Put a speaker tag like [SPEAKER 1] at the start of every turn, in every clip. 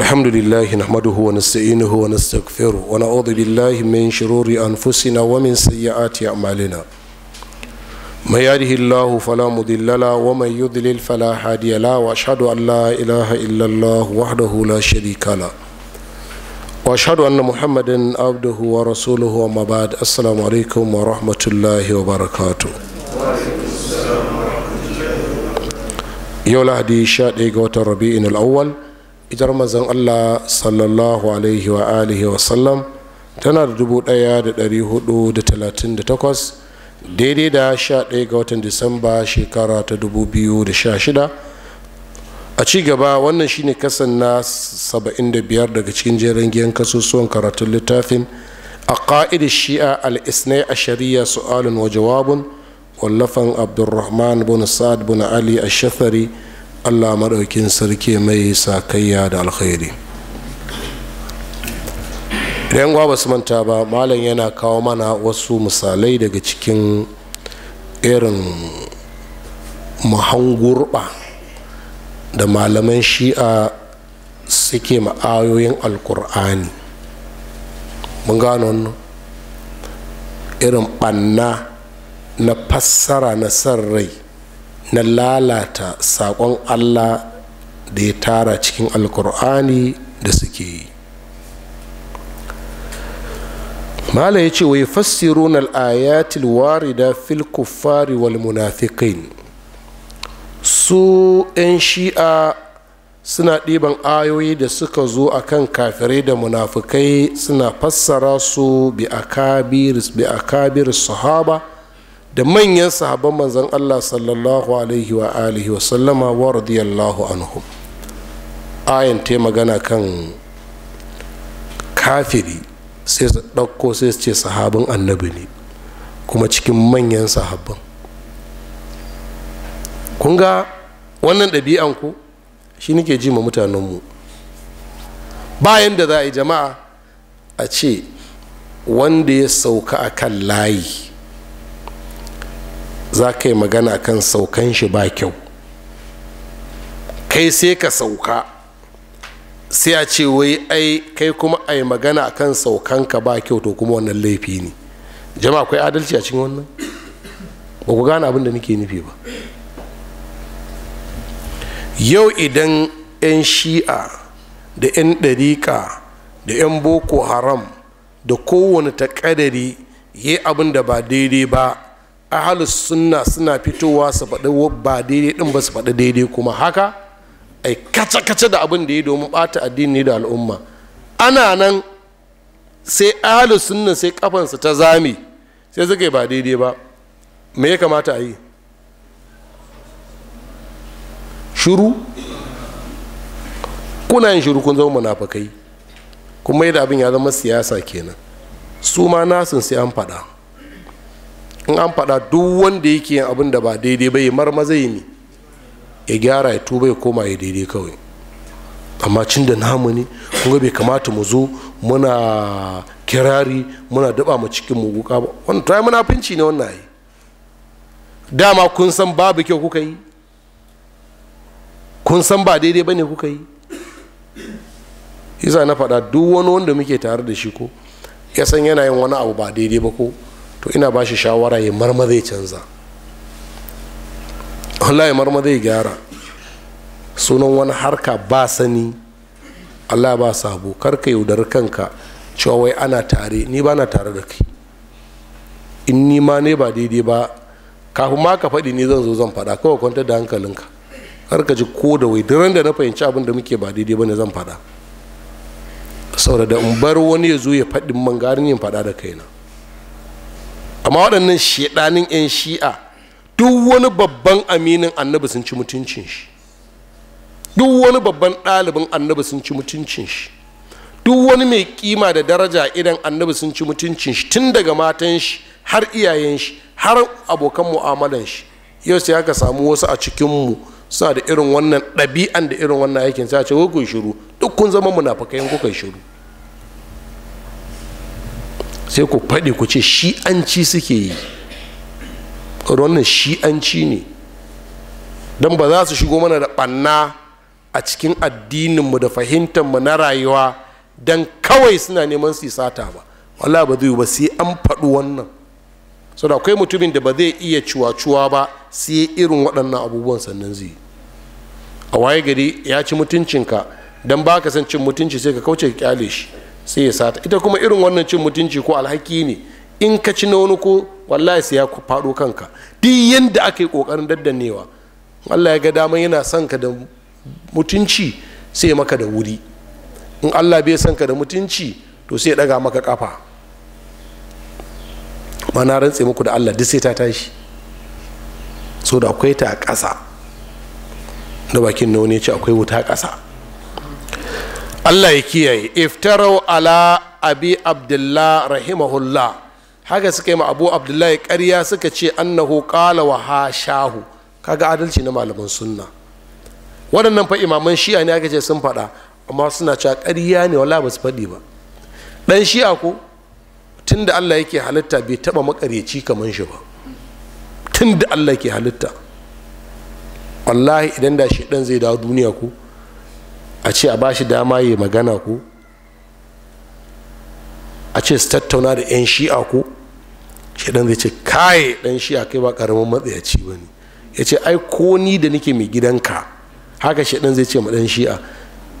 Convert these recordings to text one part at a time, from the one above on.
[SPEAKER 1] الحمد لله نحمده ونستعينه ونستغفره ونعوذ بالله من شرور أنفسنا ومن سيئات أعمالنا ما يهده الله فلا مضل له ومن يضلل فلا هادي له وأشهد أن لا إله إلا الله وحده لا شريك له وأشهد أن محمدا عبده ورسوله وما بعد السلام عليكم ورحمة الله وبركاته وعليكم يوم الأحد 11 ga watan Rabi'in al الاول ijar mazan allah sallallahu alaihi wa alihi wa sallam tana da dubu ɗaya da ɗari hudu da talatin da takwas daidai da sha ɗaya ga watan disamba shekara ta dubu biyu da sha shida a ci gaba wannan shine kasan na saba'in da biyar daga cikin jerin giyan kasusuwan karatun littafin a ƙa'id shi'a al-isnai a shari'a su'alun wa jawabun wallafan abdulrahman bin sa'ad bin ali a shafari allah maɗaukin sarki mai sakayya da alkhairi idan gwa basu manta ba malam yana kawo mana wasu misalai daga cikin irin mahangurɓa da malaman shi'a suke ma'ayoyin alkur'ani mun gano irin ɓanna na fassara na san rai na lalata saƙon allah da ya tara cikin alkur'ani da suke yi mala ya ce wai fassirun al'ayatil warida fil kuffari wal munafiqin su 'yan shi'a suna ɗiban ayoyi da suka zo a kan kafirai da munafikai suna fassara su bi akabir bi su sahaba da manyan sahabban manzon Allah sallallahu alaihi wa alihi wa sallama wa radiyallahu anhum ayan ta magana kan kafiri sai su ɗauko sai su ce sahabin annabi ne kuma cikin manyan sahabban kun ga wannan ɗabi'an ku shi nake ji ma mutanenmu bayan da za a yi jama'a a ce wanda ya sauka a kan layi za ka yi magana kan saukan shi ba kyau kai sai ka sauka sai a ce wai ai kai kuma a yi magana a kan saukanka ba kyau to kuma wannan laifi ne jama'a akwai adalci a cikin wannan ba ku gane abin da nake nufi ba yau idan 'yan shi'a da 'yan ɗariƙa da 'yan boko haram da kowane ƙadari yi abin da ba daidai ba ahalus sunna suna fitowa su faɗi ba daidai ɗin ba su faɗi daidai kuma haka ai kace-kace da abin da ya domin bata addini da al'umma ana nan sai ahalus sunna sai kafansa ta zame sai suka ba daidai ba me ya kamata a yi shuru kuna yin shuru kun zama munafakai kuma yadda abin ya zama siyasa kenan su ma nasin sai an faɗa in an faɗa duk wanda yake yin abin da ba daidai ba ya marmaza yi ne ya gyara ya tuba ya koma ya daidai kawai amma cin da namu ne kuma bai kamata mu zo muna kirari muna daba mu cikin mu guka ba wannan ta yi munafinci ne wannan yi dama kun san babu kyau kuka yi kun san ba daidai ba ne kuka yi yasa na faɗa duk wani wanda muke tare da shi ko ya san yana yin wani abu ba daidai ba ko to ina ba shi shawara ya marma zai canza Allah ya marma zai gyara sunan wani harka ba sani Allah ba sabo karka yaudar kanka cewa wai ana tare ni ba na tare da kai in ni ma ne ba daidai ba kafin ma ka faɗi ni zan zo zan faɗa kawai kwantar da hankalinka har ka ji ko da wai duran da na fahimci abin da muke ba daidai ba ne zan faɗa saboda da in bar wani ya zo ya faɗi man garin yin faɗa da kaina amma waɗannan shedanin 'yan shi'a duk wani babban aminin annabi sun ci mutuncin shi duk wani babban ɗalibin annabi sun ci mutuncin shi duk wani mai kima da daraja idan annabi sun ci mutuncin shi tun daga matan shi har iyayen shi har abokan mu'amalan shi yau sai aka samu wasu a cikinmu suna da irin wannan ɗabi'an da irin wannan aikin sai a ce kun shiru duk kun zama munafukai kuka shiru sai ku faɗi ku ce shi'anci suke yi wannan shi'anci ne don ba za su shigo mana da ɓanna a cikin addininmu da fahimtarmu na rayuwa don kawai suna neman su sata ba wala ba zai ba sai an faɗi wannan so da akwai mutumin da ba zai iya cuwa-cuwa ba sai irin waɗannan abubuwan sannan zai a waye gari ya ci mutuncinka don ba ka san cin mutunci sai ka kauce ka kyale shi sai ya sata ita kuma irin wannan cin mutunci ko alhaki ne in ka ci na wani ko wallahi sai ya faɗo kanka duk yadda aka yi ƙoƙarin daddanewa Allah ya ga dama yana son ka da mutunci sai maka da wuri in Allah bai son ka da mutunci to sai ya ɗaga maka ƙafa ma rantse muku da Allah duk sai ta tashi so da akwai ta ƙasa da bakin na wani ya ce akwai wuta ƙasa Allah ya kiyaye iftarau ala abi abdullah rahimahullah haka suka yi ma abu abdullahi karya suka ce annahu qala wa shahu kaga adalci na malaman sunna waɗannan fa imaman shi'a ne aka ce sun faɗa amma suna cewa ƙarya ne wala ba su faɗi ba ɗan shi'a ko tun da Allah yake halitta bai taɓa makaryaci kamar shi ba tun da Allah yake halitta wallahi idan da shi ɗan zai dawo duniya ko a ce a ba shi dama yi magana ku a ce su tattauna da 'yan shi'a ku shaidan zai ce kai dan shi'a kai ba karamin matsayaci ba ne ya ce ai ko ni da nake mai gidanka haka shaidan zai ce ma ɗan shi'a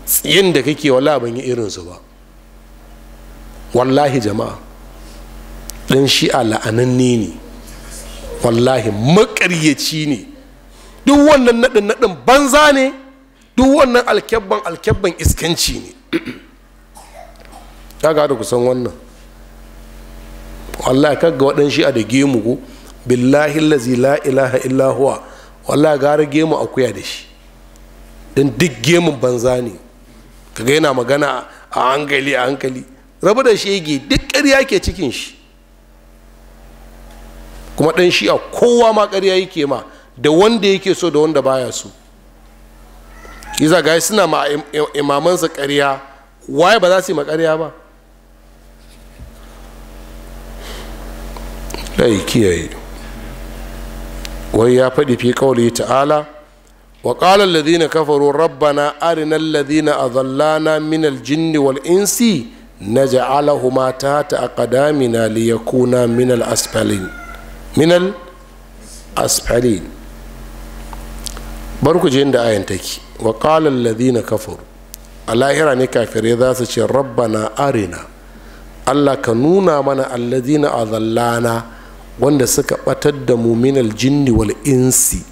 [SPEAKER 1] tsayin da kake wala ban yi irinsu ba wallahi jama'a ɗan shi'a la'ananne ne wallahi makaryaci ne duk wannan naɗin naɗin banza ne duk wannan alkyabban alkyabban iskanci ne ya da kusan wannan wallahi kaga waɗan shi a da gemu ko billahi lazi la ilaha illa huwa wallahi gara gemu akuya da shi don duk gemun banza ne ga yana magana a hankali a hankali rabu da shege duk ƙarya ke cikin shi kuma ɗan shi a kowa ma ƙarya yake ma da wanda yake so da wanda baya so iza ga suna ma imamansa ƙarya waye ba za su yi ma ba lai kiyaye wai ya faɗi fi kawai ta'ala wa ƙalar ladina kafaru rabbana arinan ladina a zallana minal jinni wal insi na mata ta ta aqdamina liyakuna minal asfalin minal asfalin bar ku je inda ayan take wa qala alladhina kafaru a lahira ne kafirai za su ce rabbana arina allah ka nuna mana a azallana wanda suka batar da muminal jinni wal insi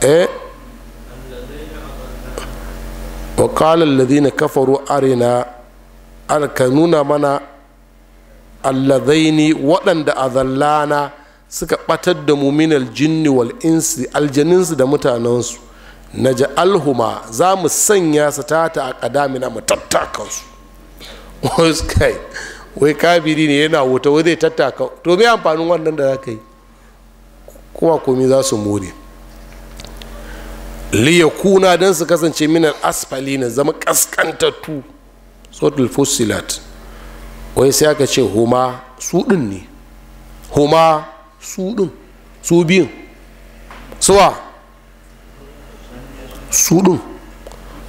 [SPEAKER 1] eh? wa qala kafaru arina ka nuna mana allazaini waɗanda azallana suka batar da muminal jinni wal insi aljaninsu da mutanensu na alhuma za mu sanya su tata a ƙadamina mu tattaka su kai wai kabiri ne yana wuta wai zai tattaka to mai amfanin wannan da za ka yi kuma komi za su more kuna don su kasance minan asfali na zama kaskantattu sotul fusilat wai sai aka ce homa su ɗin ne homa su ɗin su biyun suwa su ɗin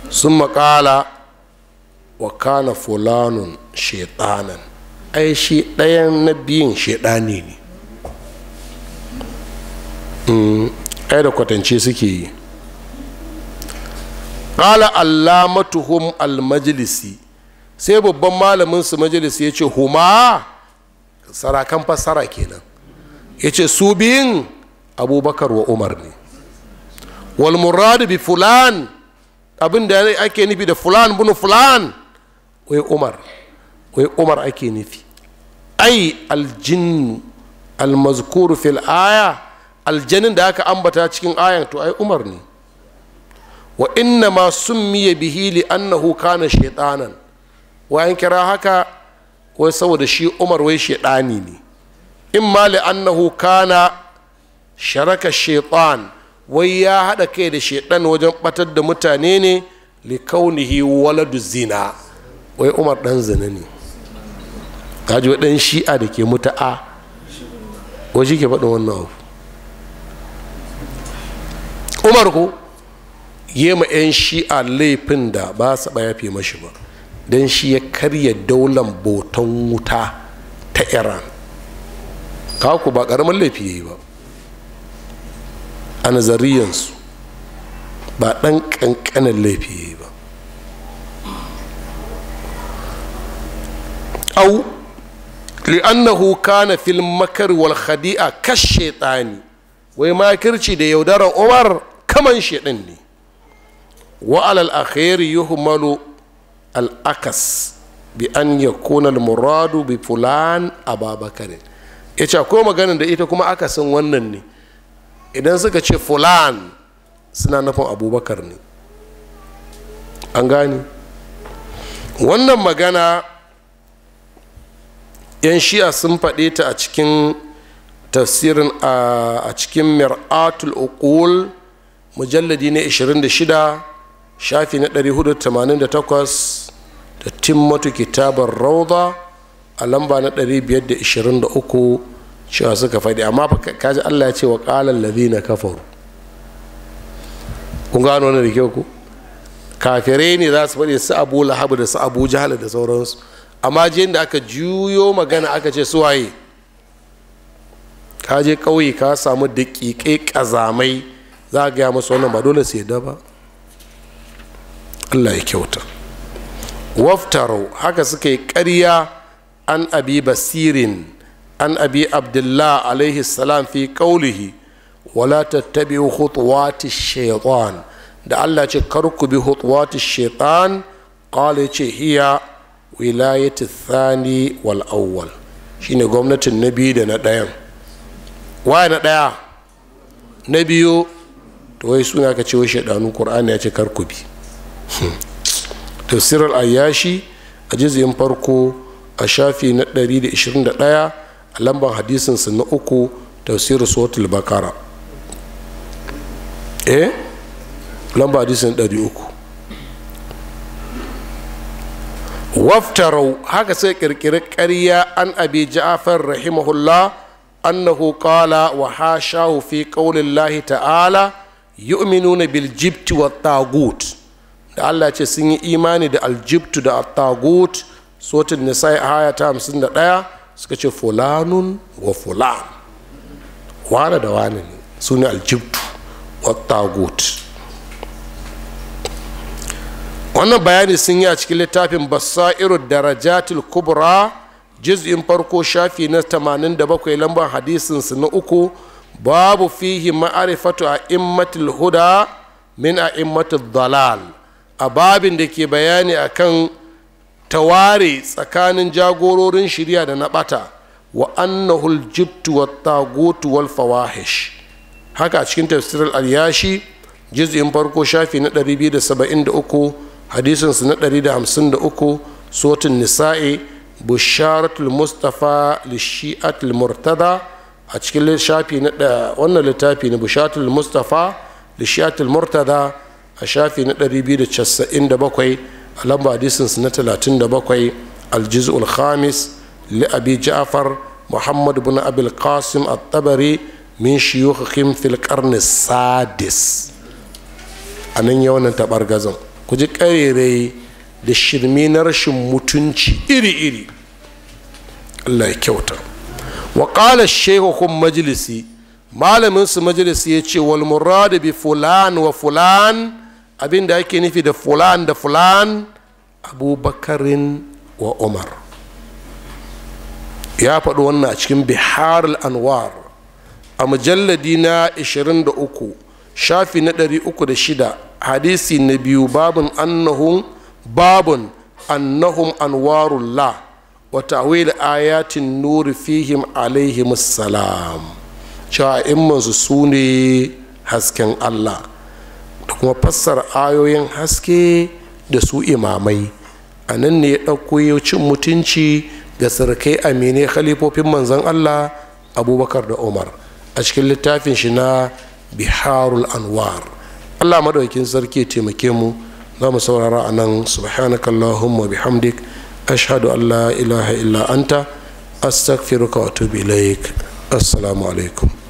[SPEAKER 1] sun makala wa kana fulanun shaitanan ai shi ɗayan na biyun shaitani ne mm, ai da kwatance suke yi ƙala allamatuhum almajlisi sai babban malamin su majalisi ya ce huma sarakan fassara kenan ya ce su biyun abubakar wa umar ne wal muradu bi fulan abin da ake nufi da fulan bunu fulan wai umar wai umar ake nufi ai aljin almazkuru fil aya aljanin da aka ambata cikin ayan to ai umar ne wa inna ma summiya bihi li annahu kana shaytanan wayan kira haka wai saboda shi umar wai shaiɗani ne imma li annahu kana sharaka shaytan wai ya haɗa kai da shaidan wajen ɓatar da mutane ne likaunihi waladu zina wai umar ɗan zina ne kaji wa ɗan shi'a da ke a. wai shi ke faɗin wannan abu umar ko ma 'yan shi'a laifin da ba su ɓaya fi mashi ba don shi ya karya daular botan wuta ta iran kaku ba ƙaramin laifi ya yi ba a nazariyansu ba ɗan ƙanƙanin laifi ba au li'annahu kana fil makar wal khadi'a kash shaitani wai makirci da yaudara umar kaman shaitan ne wa alal akhiri yuhmalu al akas bi an yakuna al muradu bi fulan ababakar yace akwai maganin da ita kuma akasin wannan ne idan suka ce fulan suna nufin abubakar ne an gani wannan magana yan shi'a sun faɗe ta a cikin tafsirin a cikin mir'atul uqul mujalladi na 26 shafi na 488 da timmatu kitabar rauda a lamba na 523 cewa suka faɗi amma ji allah ya ce wa ƙalar na kafaru kun gano wani da kyau ku kafire ne za su faɗi su abu lahabu da su abu jihar da sauransu amma jiyan da aka juyo magana aka ce su waye ka je ƙauye ka samu daƙiƙe ƙazamai za a gaya masu wannan ba dole su yadda ba allah ya kyauta waftaro haka suka yi ƙarya an abi basirin an abi abdullah alaihi salam fi kaulihi wala tattabi'u khutuwati shaytan da Allah ce kar ku bi khutuwati shaytan qala ce hiya wilayati thani wal awwal shine gwamnatin na biyu da na daya na ɗaya na biyu to wai suna ka ce wai shaidanu qur'ani ya ce kar ku bi tafsirar ayyashi a jizyin farko a shafi na 121 a lambar su na uku tafsirin suratul bakara eh lamba hadisin ɗari uku waftarau haka sai kirkiri ƙarya an abi ja'afar rahimahullah annahu qala wa hashahu fi llahi ta'ala yu'minuna bil jibti wa tagut da Allah ce sun yi imani da aljibtu da at-tagut suratul nisa'i aya ta 51 suka ce fulanun wa fulan wane da wane ne su ne aljibtu wa tagut wannan bayani sun yi a cikin littafin basairu darajatul kubra juz'in farko shafi na 87 lambar hadisinsu na uku babu fihi ma'arifatu a immatul huda min a immatul dalal a babin da ke bayani akan ta ware tsakanin jagororin shirya da na ɓata wa annahul jibtu wa tagotu wal fawahish haka a cikin tafsir al-yashi juz'in farko shafi na 273 hadisin su na 153 sotin nisa'i busharatul mustafa lishi'atul murtada a cikin shafi na wannan littafi na busharatul mustafa lishi'atul murtada a shafi na 297 a lamba hadisin su na 37 aljiz'ul khamis li abi ja'far muhammad bin abil qasim at-tabari min shiyukhihim fil qarni sadis anan ya wannan tabargazan ku ji karerai da shirme na rashin mutunci iri-iri Allah ya kyauta wa qala shaykhum majlisi malamin su majalisi ya ce wal murad bi fulan wa fulan abin da ake nufi da fulan da fulan abubakarin wa umar ya faɗi wannan a cikin bihar al'anwar a mujalladi na 23 shafi na 306 hadisi na biyu babun annahun babun annahum anwarullah wa ta'wil ayatin nuri fihim alaihim salam cewa in su ne hasken allah kuma fassara ayoyin haske da su imamai a nan ne ya ɗauko cin mutunci ga sarkai amine khalifofin manzan allah abubakar da umar a cikin littafin shi na biharul anwar allah madaukin sarki taimake mu za mu saurara a nan subhanakallahumma bihamdik ashhadu an la ilaha illa anta astaghfiruka wa atubu ilaik assalamu alaikum